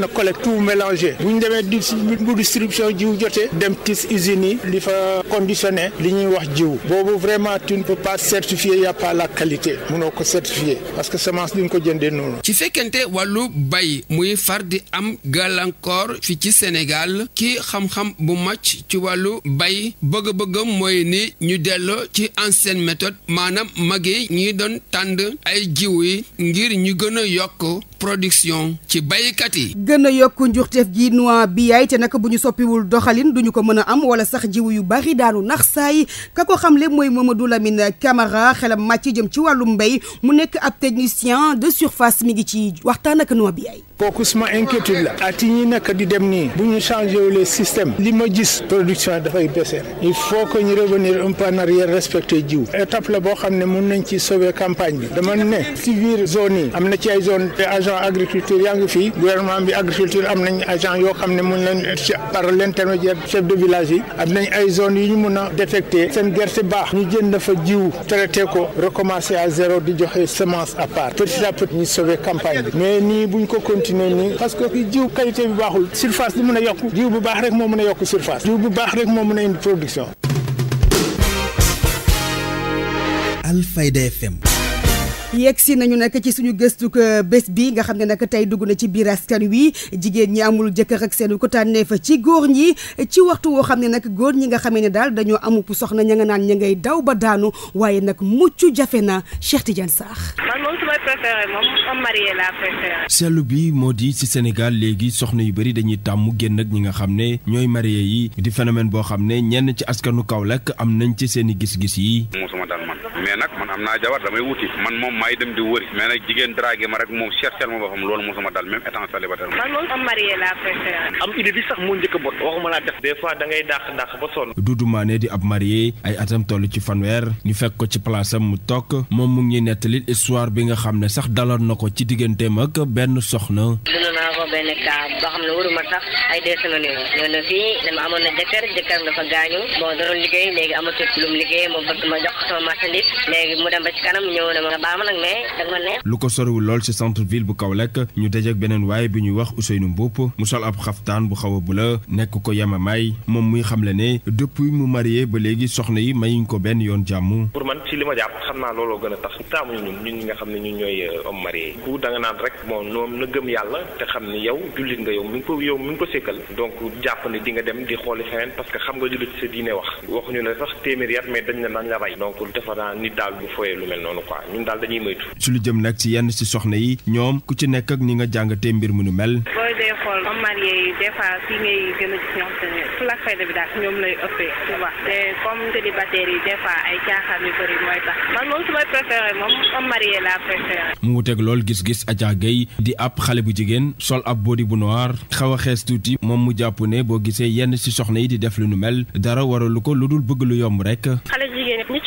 benn collecte tout mélangé bu ñu demee di bu jiw jotee dem tis usines yi li fa conditionné li ñuy wax jiw boobu vraiment tu pas certifier y a pas ko certifier parce que semence duñ ko jëndee noonu. ci fekkente wàllu bay muy far di am gàllankoor fi ci Sénégal ki xam-xam bu macc ci wàllu bay bëgg-bëggam mooy ni ñu delloo ci ancienne méthode maanaam mag yi ñi doon tànd ay jiw yi ngir ñu gën a yokk. production ci baykat yi. gën a yokk njuxteef gi noix bi yaay te nag bu ñu soppiwul doxalin duñu ko mën a am wala sax jiwu yu bari daanu nax saay ka ko xamle mooy mooma du Mamadou Lamine Camara xelam ci jëm ci wàllu mbéy mu nekk ab technicien de surface mi ngi ci waxtaan ak noix bi yaay. kooku suma inquiétude la at yi ñuy nekk di dem nii bu ñu changé wu les systèmes li ma gis production dafay baissé il faut que ñu revenir un peu en jiw étape la boo xam ne mun nañ ci sauver campagne bi dama ne ci biir zone yi am na ci ay zone te agent agriculture yaa ngi fii gouvernement bi agriculture am nañ agent yoo xam ne mun nañ par l' intermédiaire chef de village yi am nañ ay zones yu ñu mun a détecté seen gerte baax ñu jënd dafa jiw traité ko recommencé à zéro di joxe semence à part petit campagne continuer nii parce que jiw qualité bi baaxul surface bi mën a yokk jiw bu baax rek moo mën a yokk surface jiw bu baax rek moo mën a indi production FM yegg nañu nag ci suñu gëstu bés bi nga xam ne nag tey dugg na ci biir askan wi jigéen ñi amul jëkkër ak seen ko tànneef ci góor ñi ci waxtu woo xam ne nag góor ñi nga xamee ne daal dañoo amup soxna ña nga naan ña ngay daw ba daanu waaye nag mucc jafe na Cheikh Tidiane Sarr. man moom su préféré moom homme laa préféré. seetlu bi moo di ci Sénégal léegi soxna yu bëri dañuy tàmm génn ak ñi nga xam ne ñooy marié yi di phénomène boo xam ne ñenn ci askanu Kaolack am nañ ci seen i gis-gis yi. musuma nag man am naa jabar damay wuti man moom may dem di wëri mais nag jigéen dragué ma rek moom cherchel ma boppam loolu mosuma dal même étant célibataire am marié la am idée bi sax moo njëkk a bot waxuma laa def des fois da ngay dàq dàq ba sonn Doudou Mané di ab marié ay atam toll ci fanweer ñu fekk ko ci place am mu toog moom mu ngi ñuy nettali histoire bi nga xam ne sax daloon na ko ci digganteem ak benn soxna benn cas boo xam ne waruma sax ay deux semaines yooyu ñëw na fii dama amoon na nag mais da nga neex. lu ko soriwul lool ci centre ville bu Kaolack ñu dajeek beneen waaye bi ñuy wax Ousseynou Mboup mu sol ab xaftaan bu xaw a bu la nekk ko yamamaay moom muy xam xamle ne dëpp mu marié ba léegi soxna yi mayuñ ko benn yoon jàmm. pour man ci li ma jàpp xam naa looloo gën a tax taamuñu ñun ñun ñi nga xam ne ñun ñooy euh, homme marié ku da nga naan rek bon moom na gëm yàlla te xam ni yow jullit nga yow mi ngi ko yow mi ngi ko sékkal donc jàpp ne di nga dem di xooli feneen parce que xam nga jullit sa diine wax waxuñu la sax téeméer yat mais ñuy ci lu jëm nag ci yenn si soxna yi ñoom ku ci nekk ak ni nga jàngatee mbir mu nu mel. booy dee xool comme marié yi des fois ngay gën gis ñoo xam fu la fayda bi ay caaxaan yu bëri mooy tax man moom su may préféré moom comme marié laa préféré. mu wuteeg lool gis-gis Adja di ab xale bu jigéen sol ab body bu noir xaw xees tuuti moom mu jàpp ne boo gisee yenn ci soxna yi di def lu nu mel dara waralu ko lu dul bëgg lu yomb rek. xale jigéen ñi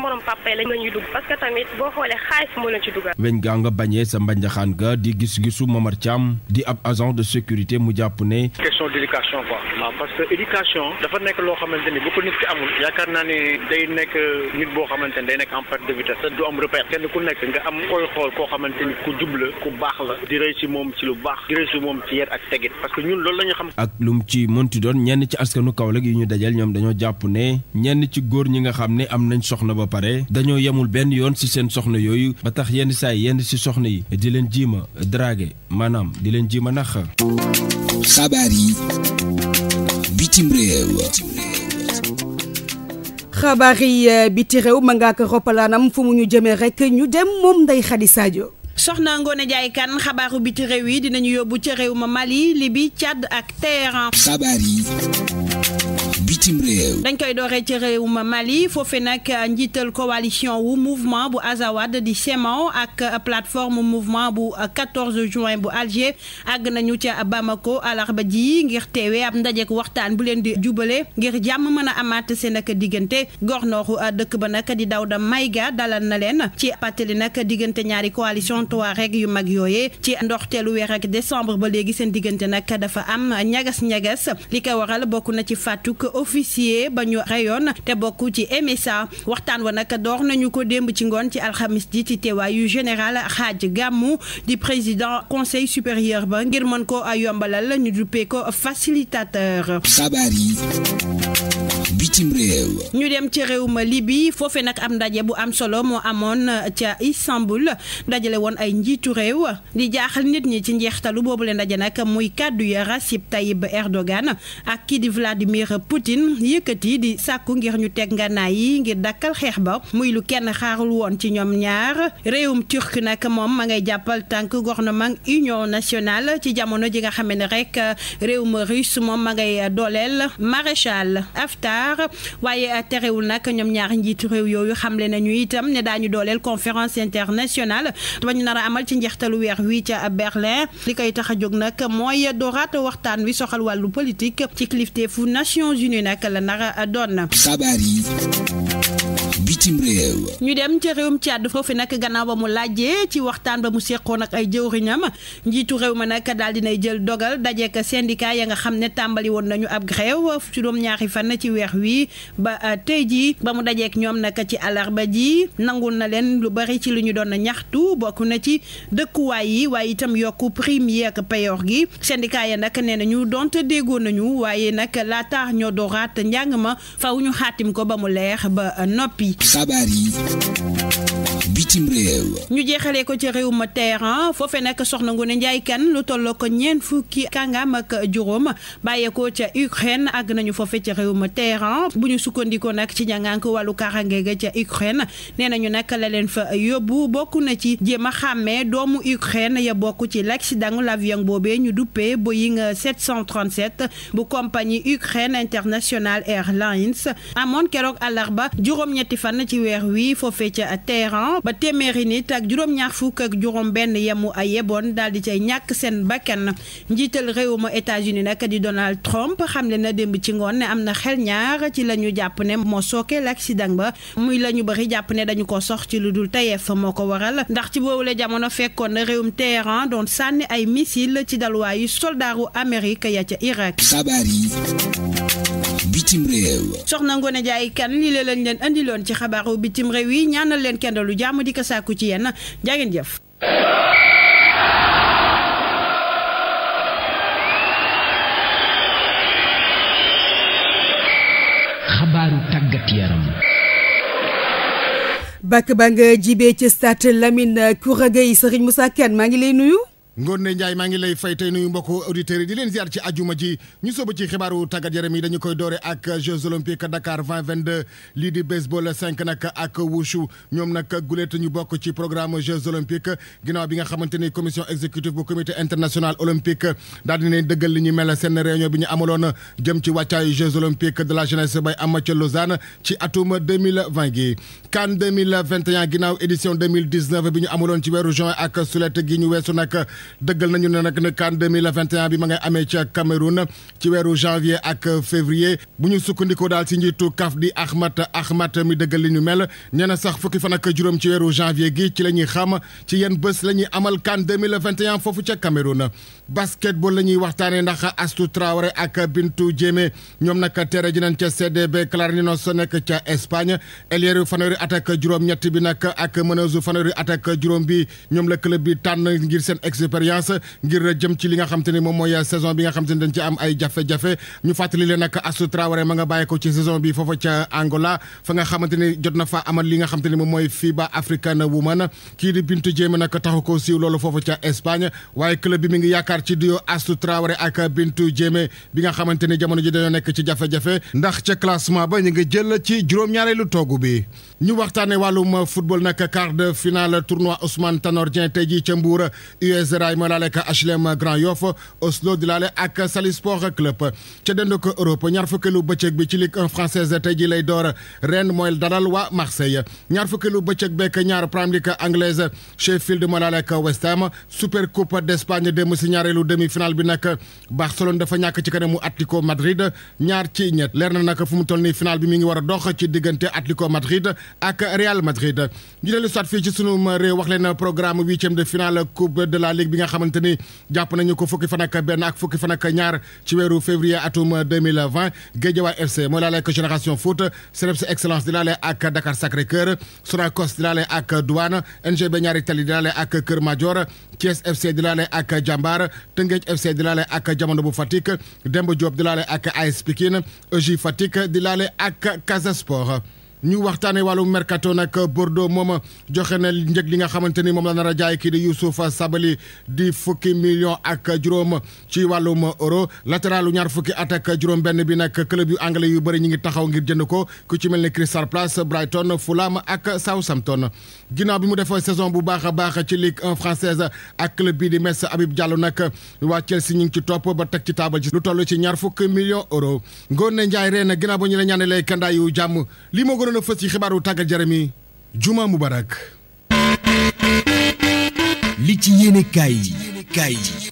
morom papa yi lañ parce que tamit boo xoolee xaalis moo ci dugal. weñ gaa nga bañee sa mbanjaxaan ga di gis-gisu Momar Thiam di ab agent de sécurité mu jàpp ne. question d'éducation quoi. waaw parce que éducation dafa nekk loo xamante ni bu ko nit ki amul yaakaar naa ni day nekk nit boo xamante ni day nekk en perte de vitesse te du am repère kenn ku nekk nga am koy xool koo xamante ni ku jub la ku baax la di rëy ci moom ci lu baax di rëy ci moom ci yar ak tegit pare dañoo yemul benn yoon ci seen soxna yooyu ba tax yenn saa yi yenn ci soxna yi di leen jiima dragué maanaam di leen jiima nax. xabaar yi bitim réew. yi euh, biti réew ma ngaa ko roppalaanam fu mu ñu jëmee rek ñu dem moom Ndeye Khady Sadio. soxna Ngoone Jaay Kan xabaaru biti réew yi dinañu yóbbu ca réew ma Mali bi càdd ak Téhéran. xabaar yi. bitim dañ koy dooree ci réewum Mali foofe nag njiital coalition wu mouvement bu Azawad di Semaon ak plateforme mouvement bu 14 juin bu Alger àgg nañu ca Bamako àllarba ji ngir teewee ab ndajeek waxtaan bu leen di jubale ngir jàmm mën a amaat seen ak diggante gornooxu euh, dëkk ba nag di daw Dawda Maïga dalal na leen ci pàttali nag diggante ñaari coalition Touareg yu mag yooyee ci ndox ndoxteelu weer ak décembre ba léegi seen diggante nag dafa am ñagas ñagas officier ba ñu reyoon te bokk ci MSA waxtaan wa nag door nañu ko démb ci ngoon ci alxamis ji ci teewaayu général Hadj gàmmu di président conseil supérieur ba ngir mën ko ay yombalal lañu duppee ko facilitateur xabaar yi bitim ñu dem ci réew ma Libi foofe nag am ndaje bu am solo moo amoon uh, ca Istanbul dajale woon ay njiitu réew di jaaxal nit ñi ci njeextalu boobu leen ndaje nag muy kàddu ya Recep Tayyip Erdogan ak kii di Vladimir Poutine yëkkati di sàkku ngir ñu teg ngànnaay yi ngir dakkal xeex ba muy lu kenn xaarul woon ci ñoom ñaar réewum turc nag moom ma ngay jàppal tànk gouvernement union nationale ci jamono ji nga xam ne rek uh, réewum russe moom ma ngay uh, dooleel maréchal Haftar ñaar waaye eh, terewul nag ñoom ñaar njiitu réew yooyu xamle nañu itam ne daañu dooleel conférence internationale ba ñu nar a amal ci njeextalu weex wi ca Berlin li koy tax a jóg nag mooy dooraat waxtaan wi soxal wàllu politique ci kilifteefu Nations Unies nag la nar a doon. xabaar yi. bitim ñu dem ca réewum Tchad foofu nag gannaaw ba mu laajee ci waxtaan ba mu seqoon ak ay jëwriñam njiitu réew ma nag daal nay jël dogal dajeek syndicat ya nga xam ne tàmbali woon nañu ab grève juróom-ñaari fan ci weer wi ba euh, tey jii ba mu dajeek ñoom nag ci àllarba ji nangul na leen lu bari ci lu ñu doon ñaxtu bokk na ci dëkkuwaay yi waaye itam yokk prime yi ak gi syndicat ya nag nee nañu donte déggoon nañu waaye nag laata ñoo dooraat njàng ma faw ñu xaatim ko ba mu leer ba euh, noppi xabaar yi bitim réew ñu jeexalee ko ci réew ma terrain foofe nag soxna Ngoné Ndiaye Kane lu tolloo ko ñeent fukki kàngam ak juróom bàyyeekoo ca Ukraine àgg nañu foofe ca réew ma terrain bu ñu sukkandikoo nag ci ñangank wàllu kaaraange ga ca Ukraine nee nañu nag la leen fa yóbbu bokk na ci jéem a xàmmee doomu Ukraine ya bokk ci l'accident l'avion boobee ñu duppee Boeing 737 bu compagnie Ukraine International Airlines amoon keroog àllarba juróom-ñetti fan ci weer wi foofee ca terrain ba téeméeri nit ak juróom-ñaar fukk ak juróom-benn yemu ay yeboon daal di cay ñàkk seen bakkan njiital réewum États-Unis nag di Donald Trump xamle na démb ci ngoon ne am na xel ñaar ci la ñu jàpp ne moo sooke l'accident ba muy la ñu bëri jàpp ne dañu ko sox ci lu dul tayeef moo ko waral ndax ci boobule jamono fekkoon na réewum Téhéran doon sànni ay missile ci dalwaayu soldaaru Amérique ya ca Irak. bitim réew soxna Ngone Njaay kan lii la leen indiloon ci xabaaru bitim réew yi ñaanal leen lu jàmm di ko sàkku ci yenn jàngeen jëf xabaaru tàggat ba nga jibee ci stade Lamine Kouragay Serigne Moussa Kane maa ngi lay nuyu Ngoné Ndiaye maa ngi lay fay tey nuyu mbokk auditeurs yi di leen ziar ci ajuma ji ñu sóobu ci xibaaru tàggat yaram yi dañu koy doore ak Jeux olympiques Dakar lii di baseball 5 nag ak wushu ñoom nag guleet ñu bokk ci programme Jeux olympiques ginnaaw bi nga xamante ni commission exécutive bu comité international olympique daal dinañ dëggal li ñu mel seen réunion bi ñu amaloon jëm ci wàccaayu Jeux olympiques de la jeunesse bay am ca Lausanne ci atum 2020 gi CAN 2021 ginnaaw édition 2019 bi ñu ñu weesu nag dëggal nañu ne nag ne CAN 2021 bi ma ngay amee ca Cameroun ci weeru janvier ak février bu ñu sukkandikoo daal ci njiitu CAF di Ahmad Ahmad mi dëggal li ñu mel nee na sax fukki fa ak juróom ci weeru janvier gi ci la ñuy xam ci yenn bés la ñuy amal CAN 2021 foofu ca Cameroun basketball la ñuy waxtaanee ndax Astou Traoré ak Bintou Diémé ñoom nag tere ji nañ ca CDB Clarinos nekk ca Espagne Eliéru fanweeri at ak juróom ñett bi nag ak mëneesu fanweeri at ak juróom bi ñoom la club tànn ngir seen ex expérience ngir jëm ci li nga xam te ni moom mooy bi nga xam ni dañ ci am ay jafe-jafe ñu fàttali leen nag Astou Traoré ma nga bàyyi ko ci saison bi foofa ca Angola fa nga xamante ni jot na fa amal li nga xam ni moom mooy FIBA African Women kii di Bintou Diémé nag taxu ko siiw loolu foofa ca Espagne waaye club bi mi ngi yaakaar ci duo Astou Traoré ak Bintou Diémé bi nga xamante ni jamono ji dañoo nekk ci jafe-jafe ndax ca classement ba ñu ngi jël ci juróom-ñaareelu toogu bi ñu waxtaane wàllum football Rail ma laale ak HLM Grand Yoff Oslo di laale ak Salisport Club ca dend ko Europe ñaar fukkeelu bëccëg bi ci Ligue 1 française tey ji lay door Rennes mooy dalal waa Marseille ñaar fukkeelu bëccëg bekk ñaar Premier League anglaise Sheffield ma laale ak Super Coupe d'Espagne dem si ñaareelu demi-finale bi nag Barcelone dafa ñàkk ci kanamu Atlético Madrid ñaar ci ñett leer na nag fu mu toll nii final bi mi ngi war a dox ci diggante Atlético Madrid ak Real Madrid bi nga xamante ni jàpp nañu ko fukki fan ak benn ak fukki fan ñaar ci weeru février atum 2020 Guédiawaye FC mooy laa leek Génération Foot CNEPS Excellence di laale ak Dakar Sacré Cœur Sonacos di laale ak Douane NGB ñaari tali di laale ak Kër Madior Thiès FC di laale ak Jambar Tëngéej FC di laale ak Jamono bu Fatick demb Diop di laale ak AS Pikine EJ Fatick di laale ak Casa Sport ñu waxtaanee wàllu mercato nag Bordeaux moom joxe na njëg li nga xamante ni moom la nar a jaay kii di Youssouf Sabali di fukki million ak juróom ci wàllu wàllum euro latéralu ñaar fukki at ak juróom benn bi nag club yu anglais yu bëri ñu ngi taxaw ngir jënd ko ku ci mel ne Crystal Palace Brighton Fulham ak Southampton ginnaaw bi mu def saison bu baax a baax ci Ligue 1 française ak club bi di Metz Habib Diallo nag waa Chelsea ñu ngi ci topp ba teg ci taabal ci lu toll ci ñaar fukki million euro Ngoné Ndiaye ren ginnaaw ba ñu la ñaanalee kandaayu jàmm gënoon a fës ci xibaaru tàggat jarami juma mubarak li ci yéene kaay yi kaay yi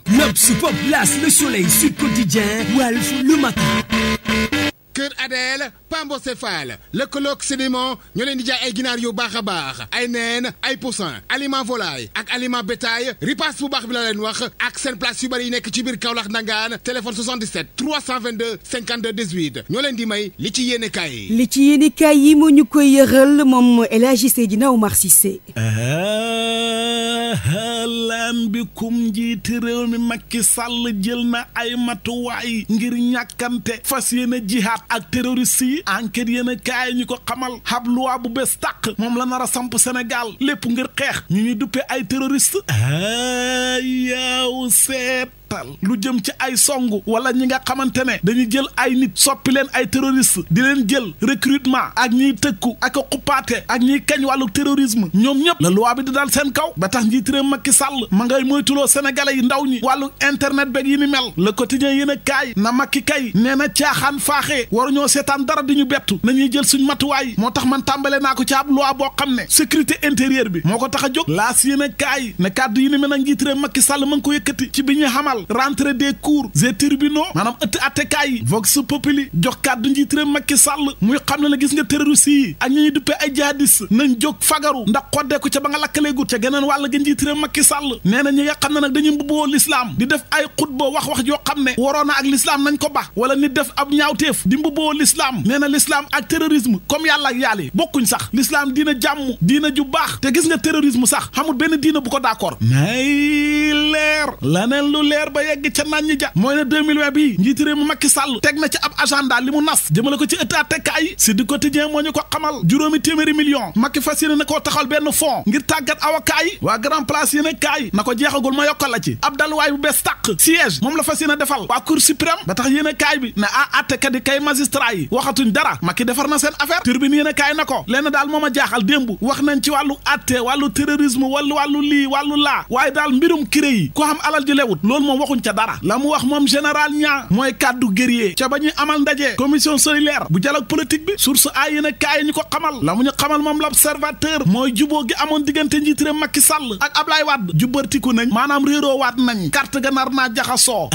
Le Soleil, Sud Quotidien, Walf, Le Matin Kër Adel Pambocéphale lëkkaloog sédiment ñoo leen di jaay ay ginaar yu baax a baax ay neen ay poussin aliment volaille ak aliment bétail ripaas bu baax bi la leen wax ak seen place yu bëri yi nekk ci biir Kaolack Ndangaan téléphone 77 322 52 18 ñoo leen di may li ci yéene kaay yi. li ci yéene kaay yi moo ñu koy yëral moom El Hadji Seydina Oumar Cissé. halaan bi kum njiiti réew mi Macky Sall jël na ay matuwaay ngir ñàkkante fas yéene jihaat ak terroriste yi enquête yéen a kaay ñu ko xamal ab loi bees tàq moom la nar a samp Sénégal lépp ngir xeex ñu ñuy duppee ay terroriste a yaw gàttal lu jëm ci ay song wala ñi nga xamante ne dañu jël ay nit soppi leen ay terroriste di leen jël recrutement ak ñiy tëkku ak a xuppaate ak ñiy kañ wàllu terrorisme ñoom ñëpp la loi bi di dal seen kaw ba tax njiit réew Macky Sall ma ngay moytuloo sénégalais yi ndaw ñi wàllu internet beeg yi ni mel le quotidien yéen a kaay na Macky kay nee na caaxaan war ñoo seetaan dara di ñu bettu nañuy jël suñ matuwaay moo tax man tàmbale naa ko ci ab boo xam ne sécurité intérieure bi moo ko a jóg laas yéen a yi ni mel nag njiit Sall ma ngi ko yëkkati ci bi ñuy xamal Sénégal rentrée des cours des tribunaux maanaam ëtt attekaay yi vox populi jox kàddu njiit réew Macky Sall muy xam ne la gis nga terroriste yi ak ñi ñuy duppee ay jihadis nañ jóg fagaru ndax xoddeeku ca ba nga lakkaleegut ca geneen wàll ga njiit réew Macky Sall nee na ñi nga xam ne nag dañuy mbubboo lislaam di def ay xutba wax wax xam ne waroona ak lislaam nañ ko ba wala nit def ab ñaawteef di mbubboo lislaam nee na lislaam ak terrorisme comme yalla ak yàlle bokkuñ sax lislaam diina jàmm diina ju baax te gis nga terrorisme sax xamul benn diina bu ko d'accord nay leer laneen lu leer leer ba yegg ca naan ja mooy ne 2020 bi njiitu réew Sall teg na ci ab agenda li mu nas jëmale ko ci état tekkaay si di quotidien moo ñu ko xamal juróomi téeméeri million Macky fas yéene taxal benn fonds ngir tàggat avocat yi waa grand place yéen kaay na ko jeexagul ma yokkal la ci ab daluwaay bu bees tàq siège moom la fas yéene defal waa cour suprême ba tax yéen kaay bi ne defar na seen affaire turbine yéen na ko lenn daal moom a jaaxal démb wax nañ ci wàllu atte wàllu terrorisme wàllu wàllu lii wàllu laa waaye daal mbirum kiré yi ko xam alal ji lewut loolu moom waxuñ ca dara la mu wax moom général ñaa mooy kàddu guerrier ca ba ñuy amal ndaje commission solidaire bu dialogue politique bi source ay yéen a kaay ñu ko xamal la mu ñu xamal moom l'observateur mooy juboo gi amoon diggante njiit réew Macky Sall ak Ablaye Wade jubbartiku nañ maanaam réeroo waat nañ carte ga nar naa jaxasoo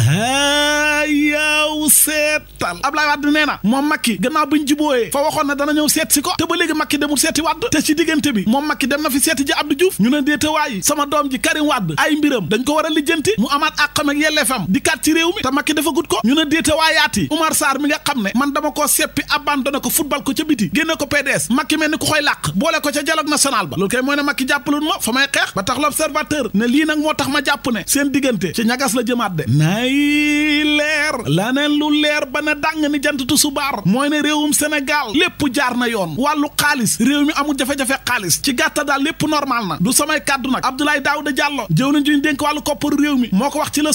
yow seetal Ablaye Wade nee na moom Macky gannaaw bi ñu jubooyee fa waxoon na dana ñëw seet si ko te ba léegi Macky demul seeti Wade te ci diggante bi moom Macky na fi seeti ji Abdou Diouf ñu ne déete waay sama doom ji Karim Wade ay mbiram dañ ko war a ak yelleefam di kat ci réew mi te Macky dafa gut ko ñu ne déete waa yaat yi Oumar mi nga xam ne man dama koo seppi abandonné ko football ko ca biti génne ko PDS ni ku koy làq boole ko ca dialogue national ba loolu kay mooy ne Macky jàppaloon ma fa may xeex ba tax l'observateur ne lii nag moo tax ma jàpp seen diggante ci ñagas la jëmaat de nay leer laneen lu leer ba ne dàng ni janttu subaar mooy ne réewum Sénégal lépp jaar na yoon wàllu xaalis réew mi amul jafe xaalis ci gàtta daal lépp normal na du samay kàddu nag Abdoulaye Daouda Diallo jëw nañ juñ dénk wàllu kopparu réew mi moo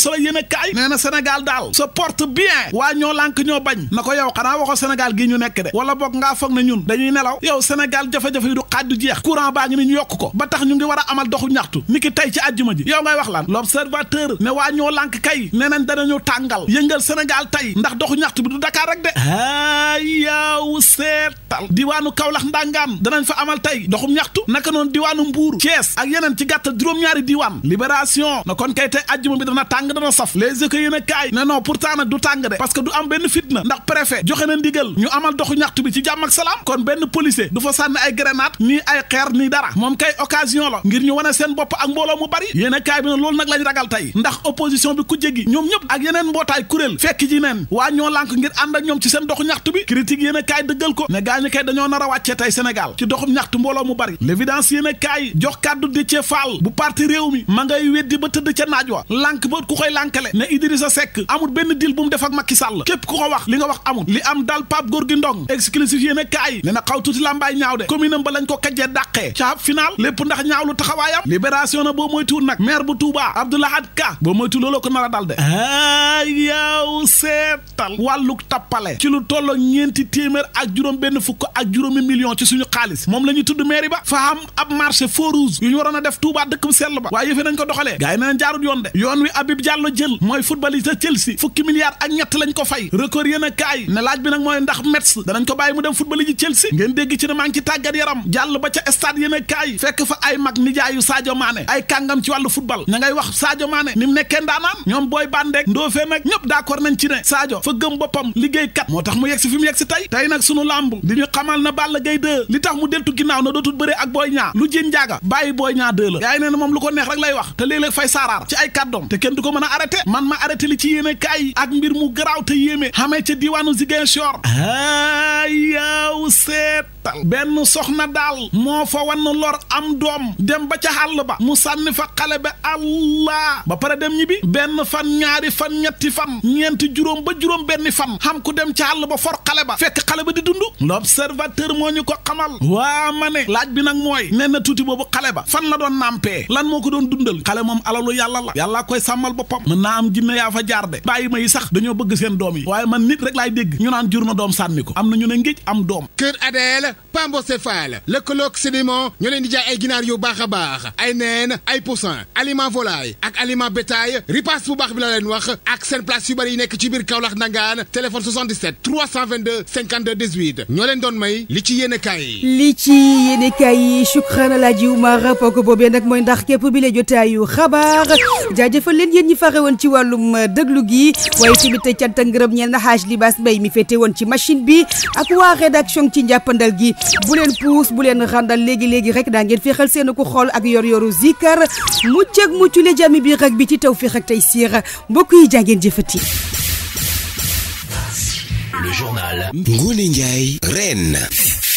Soleil yéen a kaay nee na Sénégal daal porte bien waa ñoo lànk ñoo bañ na ko yow xanaa waxoo Sénégal gii ñu nekk wala boog ngaa foog na ñun dañuy nelaw yow Sénégal jafe-jafe yi jeex courant baa ngi ni ñu yokk ko ba tax ñu ngi war a amal doxu ñaxtu niki tey ci àjjuma ji yow ngay wax lan l'observateur ne waa ñoo lànk kay nee nañ danañu tàngal yëngal Sénégal tey ndax doxu ñaxtu bi du Dakar rek de ayaw seetal diwaanu Kaolack ndangaan danañ fa amal tey doxum ñaxtu naka noonu diwaanu Mbuur Thiès ak yeneen ci gàttal juróom-ñaari diwaan libération na kon kay tey àjjuma bi dana tàng dana saf les a kaay ne non pourtant nag du tàng de parce du am benn fitna ndax préfet joxe na ndigal ñu amal doxu ñaxtu bi ci jàmm ak salaam kon benn policier du fa sànni ay grenade nii ay xeer nii dara moom kay occasion la ngir ñu wane seen bopp ak mbooloo mu bari yéen a kaay bi ne loolu nag lañ ragal tey ndax opposition bi ku jéggi ñoom ñëpp ak yeneen mbootaay kuréel fekk ji neen waa ñoo lànk ngir ànd ak ñoom ci seen doxu ñaxtu bi critique yéen a kaay dëggal ko ne gaañu kay dañoo nar a wàccee tey Sénégal ci doxum ñaxtu mbooloo mu bari l'évidence yéen a jox kàddu Déthié Fall bu parti réew mi ma ngay weddi ba tëdd ca naaj wa koy lànkale ne Idrissa Seck amul benn deal bu mu def ak Sall képp ku ko wax li nga wax amul li am daal Pape Gorgui Ndong exclusif yéen a kaay ne na xaw tuuti làmbaay ñaaw de commune am ba lañ ko kajjee dàqee caab final lépp ndax ñaaw lu taxawaayam libération na boo moytuwul nag maire bu Touba Abdoulahad Ka boo moytu looloo ko nar a dal de a yaaw seetal wàlluk tappale ci lu tollo ñeenti téeméer ak juróom benn fukk ak juróomi million ci suñu xaalis moom la ñu tudd mairie ba fa am ab marché faux ñu waroon def Touba dëkk bu sell ba waaye yëfee ko doxalee gars yi nañ jaarut Diallo jël mooy footballiste Chelsea fukki milliards ak ñett lañ ko fay record yéen a ne laaj bi nag mooy ndax Metz danañ ko bàyyi mu dem football ji ngeen dégg ci ne maa ci tàggat yaram Diallo ba ca stade yéen a kaay fekk fa ay mag nijaayu Sadio Mané ay kàngam ci wàllu football ña wax Sadio Mané ni mu nekkee ñoom booy bandek ndoofee nag ñëpp d'accord nañ ci ne Sadio fa gëm boppam liggéeykat moo tax mu yegg fi mu yegg si tey mën arrêté man ma arrêté li ci yéene kaay ak mbir mu garaaw te yéeme xamee ca diwaanu Ziguinchor a yaw seet benn soxna daal moo fa wann lor am doom dem ba ca àll ba mu sànni fa xale ba allah ba pare dem ñibbi benn fan ñaari fan ñetti fan ñeenti juróom ba juróom benn fan xam ku dem ca àll ba for xale ba fekk xale ba di dund l'observateur moo ñu ko xamal waa ma ne laaj bi nag mooy nee na tuuti boobu xale ba fan la doon nàmpee lan moo ko doon dundal xale moom alalu yàlla la boppam mën naa am jinne yaa fa jaar de bàyyi ma yi sax dañoo bëgg seen doom yi waaye man nit rek laay dégg ñu naan jur na doom sànni ko am na ñu ne ngéej am doom kër Adel Pambo Céphale lëkkaloog sédiment ñoo leen di jaay ay ginaar yu baax a baax ay neen ay poussin aliment volaille ak aliment bétail ripaas bu baax bi la leen wax ak seen place yu bëri yi nekk ci biir Kaolack Ndangaan téléphone 77 322 52 18 ñoo leen doon may li ci yéene kaay yi li ci yéene kaay yi shukran alaaji Umar mooy ndax képp bi la jotaayu xabaar fare woon ci wàllum euh, déglu gi waaye tamit cant ngërëm ñeen na xaaj libaas mbay mi féete woon ci machine bi ak waa rédaction ci njàppandal gi bu leen puus bu leen randal léegi-léegi rek daa ngeen féexal seen ko xool ak yor yoru zikar mucc ak mucc le jàmmi bi rek bi ci taw féex ak tey siir mbokk yi jàngeen jëfati Le journal Ngoné